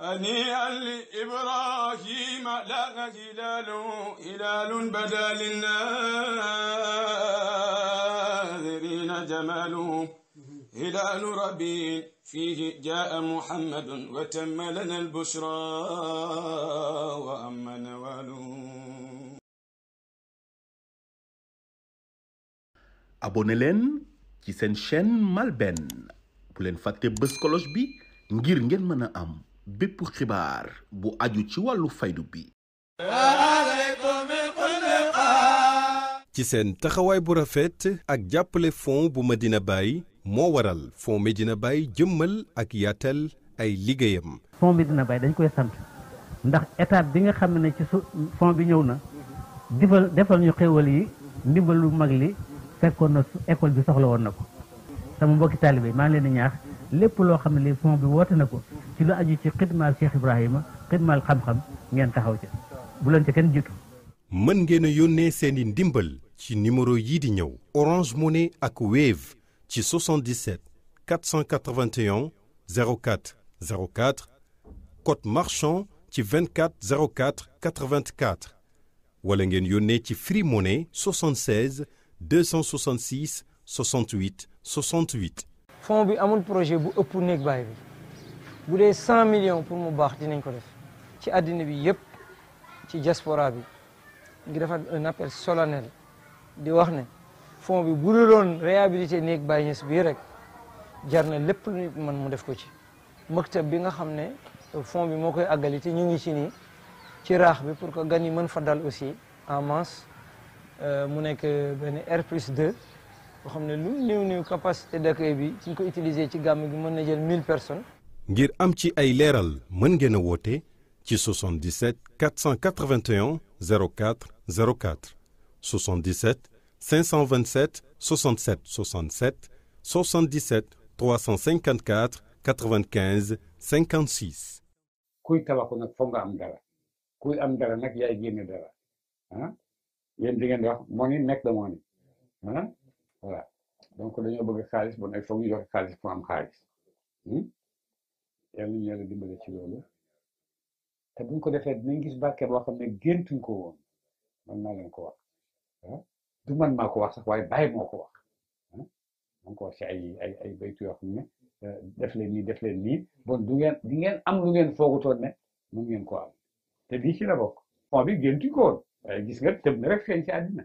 هنيئا لإبراهيم لك هلال هلال بدا للناذرين جماله هلال ربي فيه جاء محمد وتم لنا البشرى وأما نواله abonné leen ci seen chaîne MALBN bu leen fàtte bës cloche bi ngir ngeen mën a am bépp xibaar bu aju ci wàllu faydu bi seen taxawaay bu rafet ak jàppale fon bu ma dina Baye moo waral fond dina Baye jëmmal ak yaatal ay liggéeyam fond dina Baye dañ koy sant ndax état bi nga xam ne ci fon bi ñëw na difal defal ñu xéwal yi ndimbalu mag li fekkoon na école bi soxla woon na ko sama mbokki taalibe maa leen ñaax lépp loo xam ne li fond bi woote na ko ci lu aju ci xidmaal Cheikh Ibrahima xidmaal xam-xam ngeen taxaw ca bu leen ca kenn jiitu. mën ngeen a yónnee seen i ndimbal ci numéro yii di ñëw Orange Money ak Wave ci 77 481 04 04 code marchand ci 24 04 84 wala ngeen yónnee ci Free Money fonds bi amul projet bu ëpp néeg baay bi bu dee cent millions pour mu baax dinañ ko def ci àddina bi yëpp ci diaspora bi ngi defar un appel solennel di wax ne fonds bi bu doon réhabilité néeg baay ñes bii rek jar na lépp man mu def ko ci maktab bi nga xam ne fonds bi moo koy àggali ñu ngi ci nii ci raax bi pour que gan yi mën fa dal aussi en masse euh, mu nekk benn R plus 2 boo xam ne lu néew néew capacité d'accueil bi suñ ko utiliser ci gàmm gi mën na jël 1000 personnes. ngir am ci ay leeral mën ngeen a woote ci 77 481 04 04 77 527 67 67 77 354 95 56. kuy tabaxu nag foog nga am dara kuy am dara nag yaay génne dara ah di ngeen di moo ni nekk da voilà donc dañoo bëgg xaalis bon nag foog ñu joxe xaalis pour am xaalis hmm? yàlla ñu yàlla dimbale ci loolu te buñ ko defee dinañ gis barke boo xam ne géntuñ ko woon man maa leen ko wax ah? du man maa ko wax sax waaye bàyyi moo ko wax ah? maa ko wax ci ay ay ay baytu yoo xam ne eh, def leen nii def leen nii bon du ngeen di ngeen am lu ngeen foogutoon ne mun ngeen ko am te bii ci la bokk fond bi géntuñ ko woon waaye gis nga tëb na rek feeñ ci àddina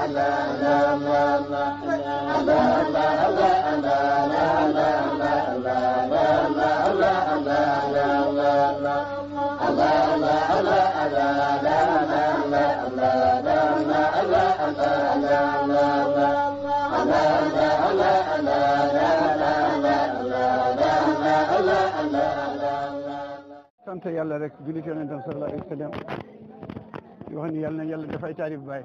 sant yàlla rek julli ci yonentam sallallahu alayhi wa sallam yoo xam ne yàlla na yàlla dafay taarif baay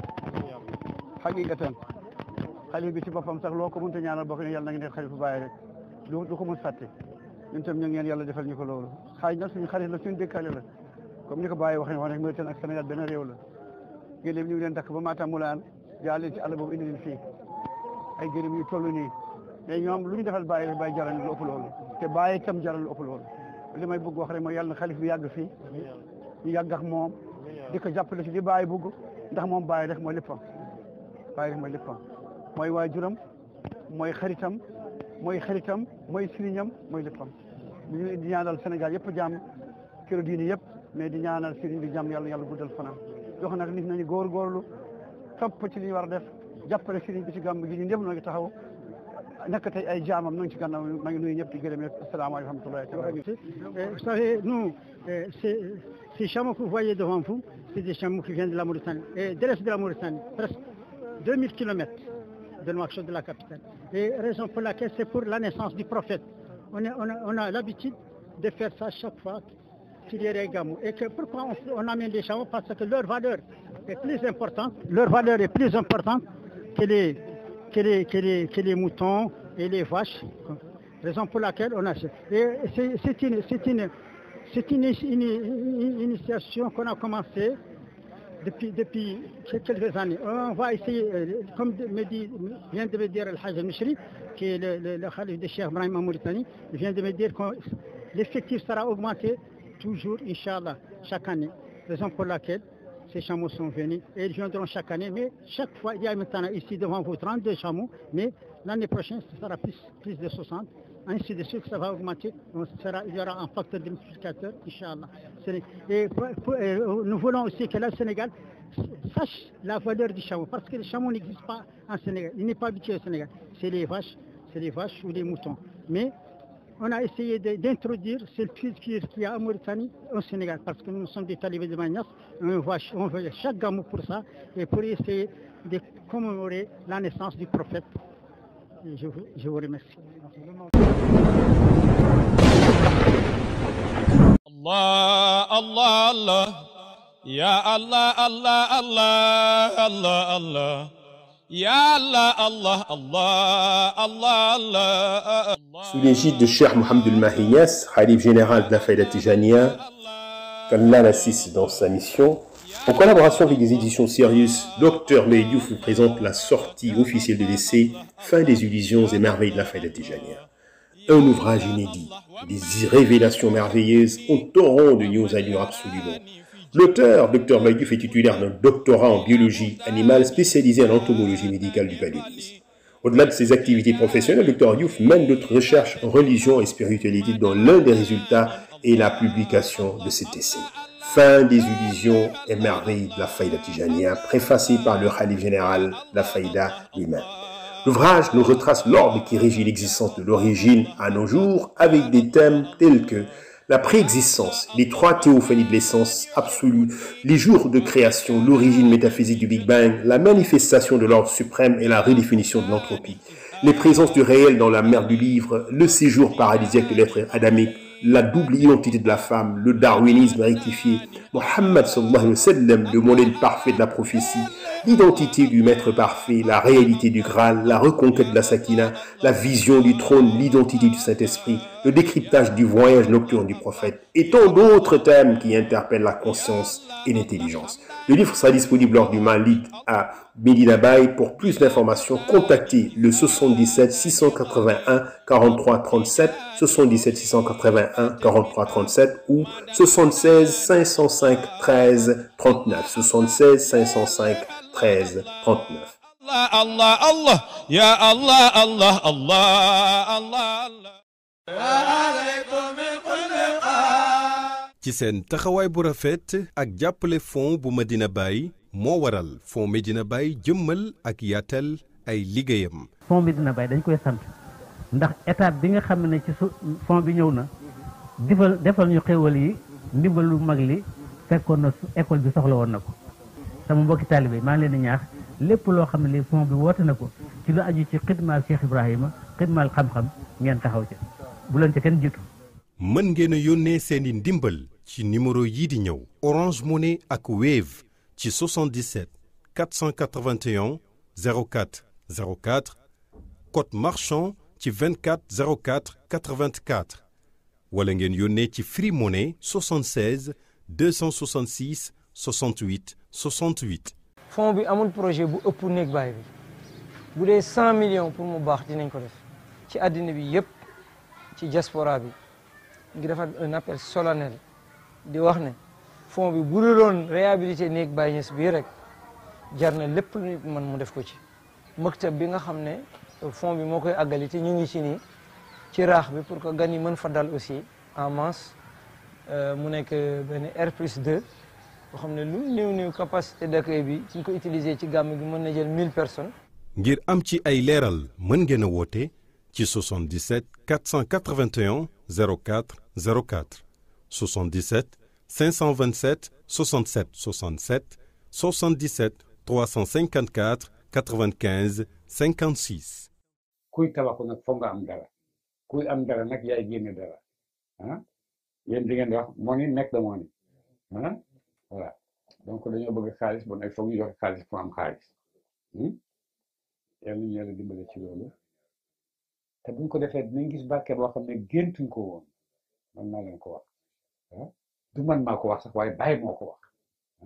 xaqiqatan xalif bi ci boppam sax loo ko mënta ñaanal bokk ne yàlla na ngi nekk xalifu bàyyi rek du du ko mën fàtte ñun tam ñu ngi yàlla defal ñu ko loolu xaaj na suñu xarit la suñu dëkkaale la comme ni ko bàyyi waxee wax ne Mauritanie ak Sénégal benn réew ba Matam Moulaan jaar leen ci àll boobu indi leen fii ay ñoom lu ñu defal bàyyi rek bàyyi jaral lu ëpp loolu te bàyyi tam jaral lu ëpp loolu li may bëgg wax rek mooy yàlla na xalif bi yàgg fii ñu yàgg ak moom di ko jàppale ci li bàyyi bëgg ndax moom bàyyi rek moo léppam bàyyi def mooy léppam mooy waajuram mooy xaritam mooy xaritam mooy sëriñam mooy léppam ñu di ñaanal Sénégal yëpp jàmm kër diini yëpp mais di ñaanal sëriñ bi jàmm yàlla yàlla guddal fanam jox nag nit nañu góorgóorlu topp ci li ñu war a def jàppale sëriñ bi ci gàmm gi ñu ñëpp noo ngi taxaw nekk tey ay jaamam nañ ci gànnaaw maa ngi nuyu ñëpp di gërëm ñëpp asalaamaaleykum wa rahmatullahi Vous eh, savez, nous, ces eh, chameaux que vous voyez devant vous, c'est des chameaux qui viennent de la Mauritanie, et de l'est de la Mauritanie, presque. 2000 km de Nouakchott, de la capitale. Et raison pour laquelle c'est pour la naissance du prophète. On, a, l'habitude de faire chaque fois qu'il y a des Et que pourquoi on, amène des chameaux Parce que leur valeur est plus importante, que les, moutons et les vaches. Raison pour laquelle on achète. c'est une initiation qu'on a commencée depuis depuis quelques années. On va essayer, euh, comme me dit, vient de me dire El Hajj al-Mishri, qui est le, le, le Khalif de Cheikh Ibrahim en Mauritanie, il vient de me dire que l'effectif sera augmenté toujours, Inch'Allah, chaque année. Raison pour laquelle ces chameaux sont venus et ils viendront chaque année. Mais chaque fois, il y a maintenant ici devant vous 32 chameaux, mais l'année prochaine, ce sera plus, plus de 60. Aynısı da Türk Safa Automatique, il y Et nous voulons aussi que le Sénégal sache la valeur du chameau, parce que le chameau n'existe pas en Sénégal, il n'est pas habitué au Sénégal. C'est les vache c'est les vaches ou les moutons. Mais on a essayé d'introduire cette culture qu'il y a en au Sénégal, parce que nous sommes des talibés de Magnas, on voit, chaque gamme pour ça, et pour essayer de commémorer la naissance du prophète. je vous remercie. الله الله الله يا الله الله الله الله الله يا الله الله الله الله الله Sous l'égide de Cheikh Mohamed El Mahi Niass, Khalif général de la Faïda Tijaniyya, qu'Allah l'assiste dans sa mission, en collaboration avec les éditions Sirius, Docteur Mbaye Diouf vous présente la sortie officielle de l'essai Fin des illusions et merveilles de la Faïda Tijaniyya. Un ouvrage inédit, des révélations merveilleuses, un torrent de news à lire absolument. L'auteur, Dr Maïduf, est titulaire d'un doctorat en biologie animale spécialisé en entomologie médicale du paludisme. Au-delà de ses activités professionnelles, Dr Youf mène d'autres recherches en religion et spiritualité dont l'un des résultats est la publication de cet essai. Fin des illusions et merveilles de la faïda tijania, préfacé par le Khalif général, la faïda L'ouvrage nous retrace l'ordre qui régit l'existence de l'origine à nos jours avec des thèmes tels que la préexistence, les trois théophanies de l'essence absolue, les jours de création, l'origine métaphysique du Big Bang, la manifestation de l'ordre suprême et la redéfinition de l'entropie, les présences du réel dans la mer du livre, le séjour paradisiaque de l'être adamique, la double identité de la femme, le darwinisme rectifié, Mohammed sallallahu alayhi wa sallam, le modèle parfait de la prophétie, l'identité du maître parfait, la réalité du Graal, la reconquête de la Sakina, la vision du trône, l'identité du Saint-Esprit, le décryptage du voyage nocturne du prophète et tant d'autres thèmes qui interpellent la conscience et l'intelligence. Le livre sera disponible lors du Malit à Medina Bay. Pour plus ci seen taxawaay bu rafet ak jàppale fon bu ma dina Baye moo waral fonds Medina Baye jëmmal ak yaatal ay liggéeyam. fon fonds dina Baye dañ koy sant ndax état bi nga xam ne ci su fonds bi ñëw na difal defal ñu xéwal yi ndimbal lu mag li fekkoon na école bi soxla woon na ko sama mbokki taalibe maa ngi di ñaax lépp loo xam ne li fon bi woote na ko ci lu aju ci xidmaal Cheikh Ibrahima xidmaal xam-xam ngeen taxaw ci. bu mën ngeen yónnee seeni ndimbal ci numéro yii di ñëw Orange Money ak Wave ci 77 481 04 04 code marchand ci 24 04 84 wala ngeen yónnee ci Free Money 76 266 68 68. fond bi amul projet bu ëpp néeg baay bi bu dee 100 millions pour mu baax dinañ ko def ci àddina bi yépp ci diaspora bi ngi defar un appel di wax ne fond bi bu doon réhabilité néeg Baye Niass bii rek jar na lépp lu man mu def ko ci mëktab bi nga xam ne fond bi moo koy àggali te ñu ngi ci nii ci raax bi pour que gan yi mën fa dal aussi en masse euh, mu nekk euh, benn R plus 2 boo xam ne lu néew néew capacité d'accueil bi suñ ko utiliser ci gàmm gi mën na jël mille personnes. ngir am ci ay leeral mën ngeen a woote. ci 77 481 04 04 77 527 67 67 77 354 95 56. kuy tabaxu nag foog nga am dara kuy am dara nag yaay génne dara ah yéen di nekk da moo ni ah donc dañoo bëgg xaalis bon nag foog ñu joxe xaalis pour am xaalis hmm? yàlla ñu yàlla dimbale ci loolu. te buñ ko defee dinañ gis barke boo xam ne géntuñ ko woon man maa leen ko wax ah. du man maa ko wax sax waaye bàyyi moo ko wax ah.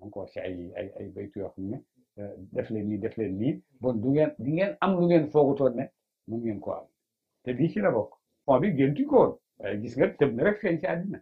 man ko wax ci ay ay ay baytu yoo xam ne eh, def leen nii def leen nii bon du ngeen di ngeen am lu ngeen foogutoon ne mu ngeen ko am te bii ci la bokk fond bi géntuñ ko woon waaye gis nga tëb na rek feeñ ci àddina